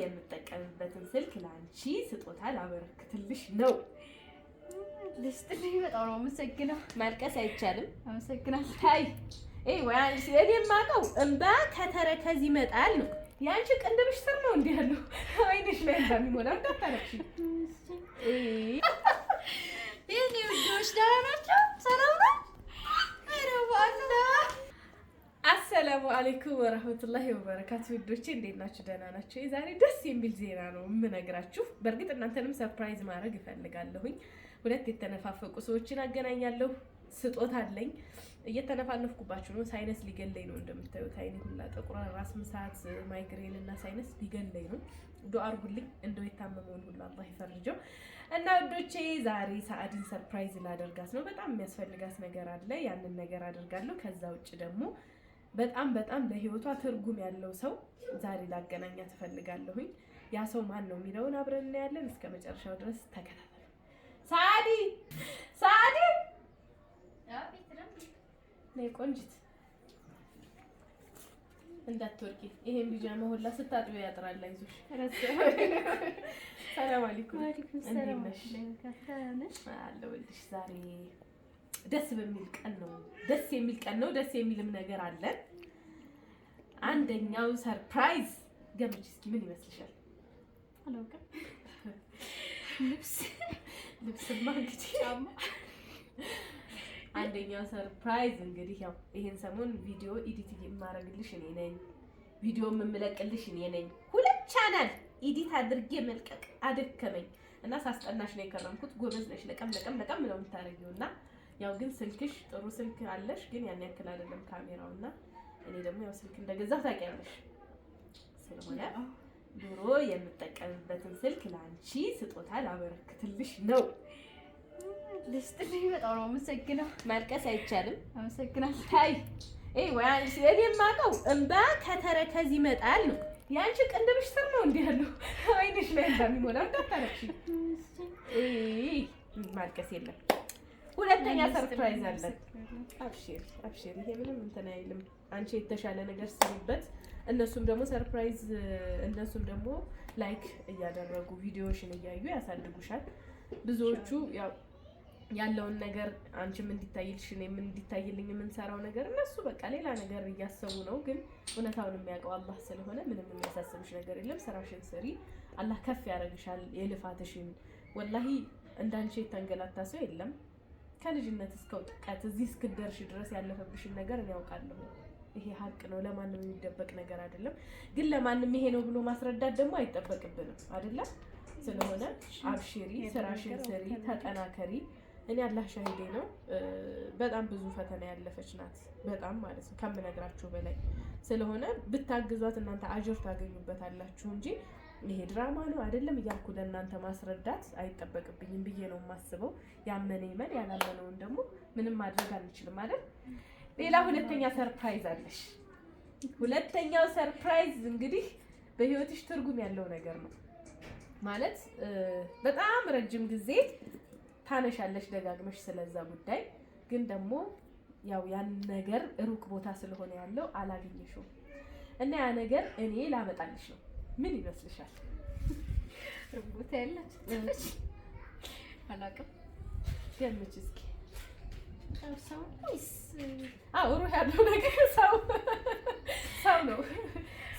የምጠቀምበትን ስልክ ለአንቺ ስጦታ ላበረክትልሽ ነው። ልስጥልኝ። በጣም ነው አመሰግነው። ማልቀስ አይቻልም። አመሰግናለሁ። ታይ ይሄ ወይ አንቺ እኔ የማውቀው እምባ ከተረከዝ ይመጣል ነው። የአንቺ ቅንድብሽ ስር ነው እንዲህ ያለው አይነሽ ላይ እምባ የሚሞላው እንዳታለቅሽ። ይሄ ነው ደህና ናቸው። አሰላሙ አሌይኩም ወረህመቱላሂ ወበረካቱ ውዶቼ፣ እንዴት ናችሁ? ደህና ናቸው። የዛሬ ደስ የሚል ዜና ነው የምነግራችሁ። በእርግጥ እናንተንም ሰርፕራይዝ ማድረግ እፈልጋለሁኝ። ሁለት የተነፋፈቁ ሰዎችን አገናኛለሁ። ስጦታ አለኝ። እየተነፋነፍኩባችሁ ነው። ሳይነስ ሊገለኝ ነው እንደምታዩት፣ አይኔ ሁላ ጠቁራ፣ ራስ ምሳት፣ ማይግሬን እና ሳይነስ ሊገለኝ ነው። ዱአ አድርጉልኝ። እንደው የታመመውን ሁሉ አላህ ይፈርጀው እና ወዶቼ ዛሬ ሰአድን ሰርፕራይዝ ላደርጋት ነው። በጣም የሚያስፈልጋት ነገር አለ። ያንን ነገር አድርጋለሁ። ከዛ ውጭ ደግሞ በጣም በጣም በህይወቷ ትርጉም ያለው ሰው ዛሬ ላገናኛ ትፈልጋለሁኝ። ያ ሰው ማን ነው የሚለውን አብረን እናያለን። እስከ መጨረሻው ድረስ ተከታተል። ሳዲ ሳዲ ቆንጅት እንዳትወርቂ ይሄን ቢጃማ ሁላ ስታጥቢ ያጥራል። አይዞሽ። ሰላም አለይኩም። እንዴት ነሽ? ዛሬ ደስ በሚል ቀን ነው። ደስ የሚል ቀን ነው። ደስ የሚልም ነገር አለ። አንደኛው ሰርፕራይዝ ገምች እስኪ ምን ይመስልሻል? አላውቅም። ልብስ ልብስማ እንግዲህ ጫማ። አንደኛው ሰርፕራይዝ እንግዲህ ያው ይሄን ሰሞን ቪዲዮ ኢዲት የማረግልሽ እኔ ነኝ፣ ቪዲዮ የምመለቅልሽ እኔ ነኝ። ሁለት ቻናል ኢዲት አድርጌ መልቀቅ አደከመኝ እና ሳስጠናሽ ነው የከረምኩት። ጎበዝ ነሽ፣ ለቀም ለቀም ለቀም ነው የምታረጊው እና ያው ግን ስልክሽ ጥሩ ስልክ አለሽ፣ ግን ያን ያክል አይደለም ካሜራው እና እኔ ደግሞ ያው ስልክ እንደገዛ ታውቂያለሽ ስለሆነ ድሮ የምጠቀምበትን ስልክ ለአንቺ ስጦታ ላበረክትልሽ ነው። ልስጥልኝ። በጣም ነው አመሰግነው። ማልቀስ አይቻልም። አመሰግናለሁ። ታይ እይ ወይ እኔ የማውቀው እንባ ከተረከዝ ይመጣል ነው። የአንቺ ቅንድብሽ ስር ነው እንዲህ ያለው አይንሽ ላይ እንዳሚሞላ እንዳታረክሽ። ማልቀስ የለም ሁለተኛ ሰርፕራይዝ አለን። አብሽር አብሽር፣ ይሄ ምንም እንትን አይልም። አንቺ የተሻለ ነገር ስሪበት፣ እነሱም ደግሞ ሰርፕራይዝ፣ እነሱም ደግሞ ላይክ እያደረጉ ቪዲዮሽን እያዩ ያሳድጉሻል። ብዙዎቹ ያለውን ነገር አንቺም እንዲታይልሽ እኔም እንዲታይልኝ የምንሰራው ነገር እነሱ በቃ ሌላ ነገር እያሰቡ ነው። ግን እውነታውን የሚያውቀው አላህ ስለሆነ ምንም የሚያሳስብሽ ነገር የለም። ስራሽን ስሪ፣ አላህ ከፍ ያደርግሻል የልፋትሽን። ወላሂ እንዳንቺ የተንገላታ ሰው የለም። ከልጅነት እስከ እውቀት እዚህ እስክደርሽ ድረስ ያለፈብሽን ነገር እኔ አውቃለሁ። ይሄ ሀቅ ነው፣ ለማንም የሚደበቅ ነገር አይደለም። ግን ለማንም ይሄ ነው ብሎ ማስረዳት ደግሞ አይጠበቅብንም አይደለም። ስለሆነ አብሽሪ፣ ስራሽን ስሪ፣ ተጠናከሪ። እኔ አላህ ሻሂዴ ነው። በጣም ብዙ ፈተና ያለፈች ናት፣ በጣም ማለት ነው ከምነግራችሁ በላይ ስለሆነ ብታግዟት እናንተ አጅር ታገኙበታላችሁ እንጂ ይሄ ድራማ ነው አይደለም እያልኩ ለእናንተ ማስረዳት አይጠበቅብኝም ብዬ ነው የማስበው። ያመነ ይመን፣ ያላመነውን ደግሞ ምንም ማድረግ አንችልም ማለት። ሌላ ሁለተኛ ሰርፕራይዝ አለሽ። ሁለተኛው ሰርፕራይዝ እንግዲህ በህይወትሽ ትርጉም ያለው ነገር ነው ማለት በጣም ረጅም ጊዜ ታነሻለሽ ደጋግመሽ ስለዛ ጉዳይ ግን ደግሞ ያው ያን ነገር ሩቅ ቦታ ስለሆነ ያለው አላገኘሽውም እና ያ ነገር እኔ ላመጣልሽ ነው ምን ይመስልሻል? ቦታ ያለች ትንሽ አላውቅም። ገምች እስኪ። ሰው ወይስ ሩህ ያለው ነገር? ሰው ሰው ነው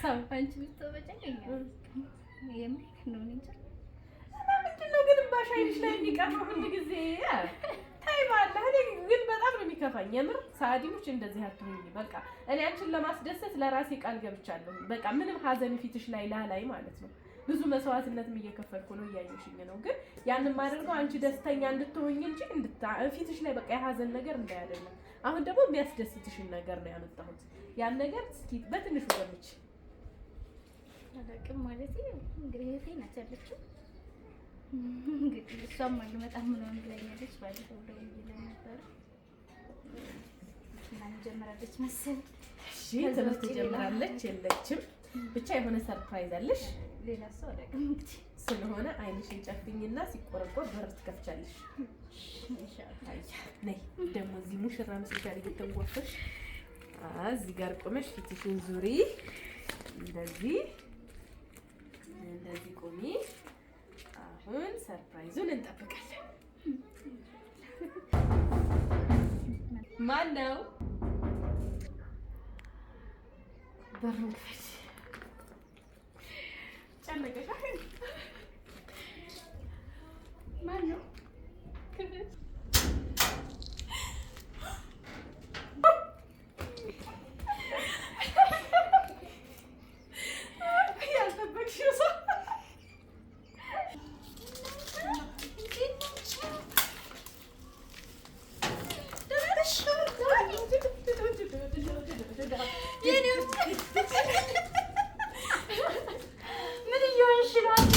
ሰው። አንቺ ብትወጪኝ የምልህ ነው እንጂ ምንድን ነው ግን ባሻይልሽ ላይ የሚቀርበው ሁሉ ጊዜ ግን በጣም ነው የሚከፋኝ። የምር ሳዲሞች እንደዚህ አትሁኝ። በቃ እኔ አንቺን ለማስደሰት ለራሴ ቃል ገብቻለሁ። በቃ ምንም ሀዘን ፊትሽ ላይ ላላይ ማለት ነው። ብዙ መስዋዕትነትም እየከፈልኩ ነው፣ እያየሽኝ ነው። ግን ያን የማደርገው አንቺ ደስተኛ እንድትሆኝ እንጂ ፊትሽ ላይ በቃ የሀዘን ነገር እንዳያደለም። አሁን ደግሞ የሚያስደስትሽን ነገር ነው ያመጣሁት። ያን ነገር እስኪ በትንሹ አላውቅም ማለት እንግዲህ እንግዲህ እሷም አልመጣም ምናምን ብላኛለች። ባለፈው ደውዬ ነበር እና ጀምራለች መሰለኝ። እሺ ትምህርት ጀምራለች የለችም። ብቻ የሆነ ሰርፕራይዝ አለሽ። ሌላ ሰው አላውቅም እንግዲህ ስለሆነ አይንሽን ጨፍኝና ሲቆረቆር በር ትከፍቻለሽ። ነይ ደግሞ እዚህ ሙሽራ መስሎሻል እየተንጓፈሽ። እዚህ ጋር ቆመሽ ፊትሽን ዙሪ። እንደዚህ እንደዚህ ቆሚ አሁን ሰርፕራይዙን እንጠብቃለን። ማን ነው? በሩን ክፈች። ጨነቀሻ? ማን ነው? ክፈች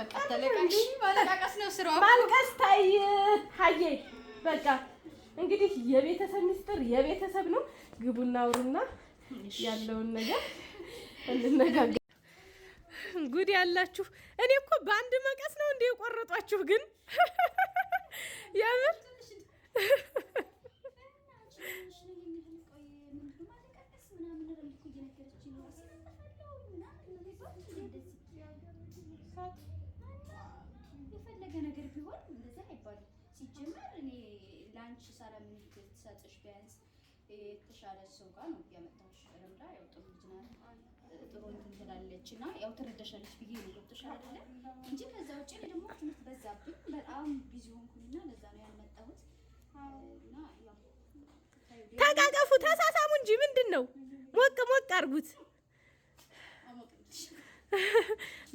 በቃ ተለቃሽ ማለቃቀስ ነው ስራው። ማልቀስ ታይ ሀዬ በቃ እንግዲህ የቤተሰብ ሚስጥር የቤተሰብ ነው። ግቡና አውሩና ያለውን ነገር እንነጋገር። ጉድ ያላችሁ እኔ እኮ በአንድ መቀስ ነው እንዴ የቆረጧችሁ ግን የምር ቢያንስ የተሻለ ሰው ጋር ነው እያመጣሁሽ። ረምዳ ያው ጥሩ ልጅ ናት፣ ጥሩ እንትን ትላለች እና ያው ትረዳሻለች ብዬ ነው ገብቶሻል አይደለ? እንጂ ከዛ ውጭ ደግሞ ትምህርት በዛብኝ በጣም ቢዚ ለዛ ነው ያልመጣሁት። እና ያው ተቃቀፉ፣ ተሳሳሙ እንጂ ምንድን ነው ሞቅ ሞቅ አድርጉት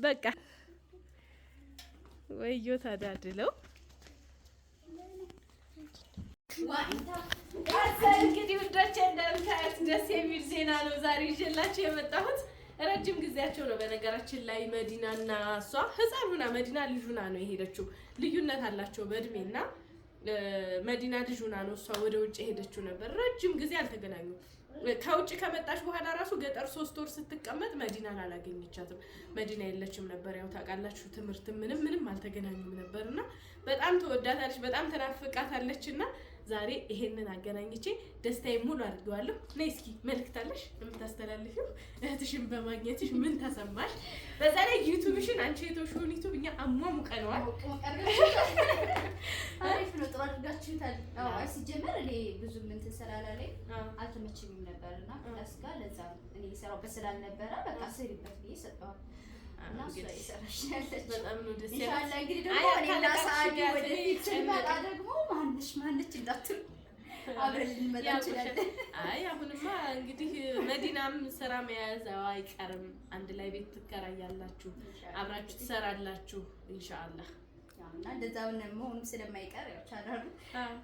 በቃ። ወዮ እንግዲህ ውዶቼ እንደምታያት ደስ የሚል ዜና ነው ዛሬ ይዤላችሁ የመጣሁት። ረጅም ጊዜያቸው ነው በነገራችን ላይ መዲናና እሷ ህፃን መዲና ልጁና ነው የሄደችው። ልዩነት አላቸው በእድሜና መዲና ልጁና ነው እሷ ወደ ውጭ የሄደችው ነበር። ረጅም ጊዜ አልተገናኙ ከውጭ ከመጣች በኋላ ራሱ ገጠር ሶስት ወር ስትቀመጥ መዲናን አላገኘቻትም። መዲና የለችም ነበር። ያው ታውቃላችሁ፣ ትምህርት ምንም ምንም አልተገናኙም ነበር እና በጣም ተወዳታለች፣ በጣም ተናፍቃታለች እና ዛሬ ይሄንን አገናኝቼ ደስታዬ ሙሉ አድርገዋለሁ። ነይ እስኪ መልክታለሽ የምታስተላልፊው እህትሽን በማግኘትሽ ምን ተሰማሽ? በዛ ላይ ዩቱብሽን አንቺ የተውሽውን ዩቱብ እኛ አሟሙቀነዋል። አሪፍ ነው፣ ጥሩ አድርጋችሁታል። ሲጀመር እኔ ብዙ እንትን ስላላለኝ አልተመቸኝም ነበር እና ዳስ ለዛ እኔ የሰራሁበት ስላልነበረ በቃ ስሪበት ብዬ ሰጠዋል። አይ አሁንማ እንግዲህ መዲናም ስራ መያዝ አይቀርም። አንድ ላይ ቤት ትከራያላችሁ፣ አብራችሁ ትሰራላችሁ ኢንሻአላህ። ነው እና እንደዛ ስለማይቀር ያው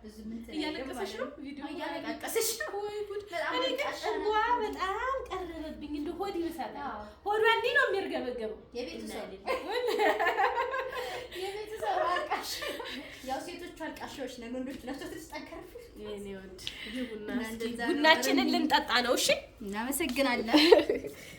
ብዙ እያለቀሰሽ ነው ቪዲዮ እያለቀሰሽ ነው። ወይ ጉድ! እኔ ግን በጣም ቀረበብኝ። እንደ ሆድ ሆዷ እንዲህ ነው የሚርገበገበው። የቤተሰብ አልቃሽ ያው ሴቶቹ ነን፣ ወንዶች ናቸው ቡናችንን ልንጠጣ ነው። እሺ፣ እናመሰግናለን።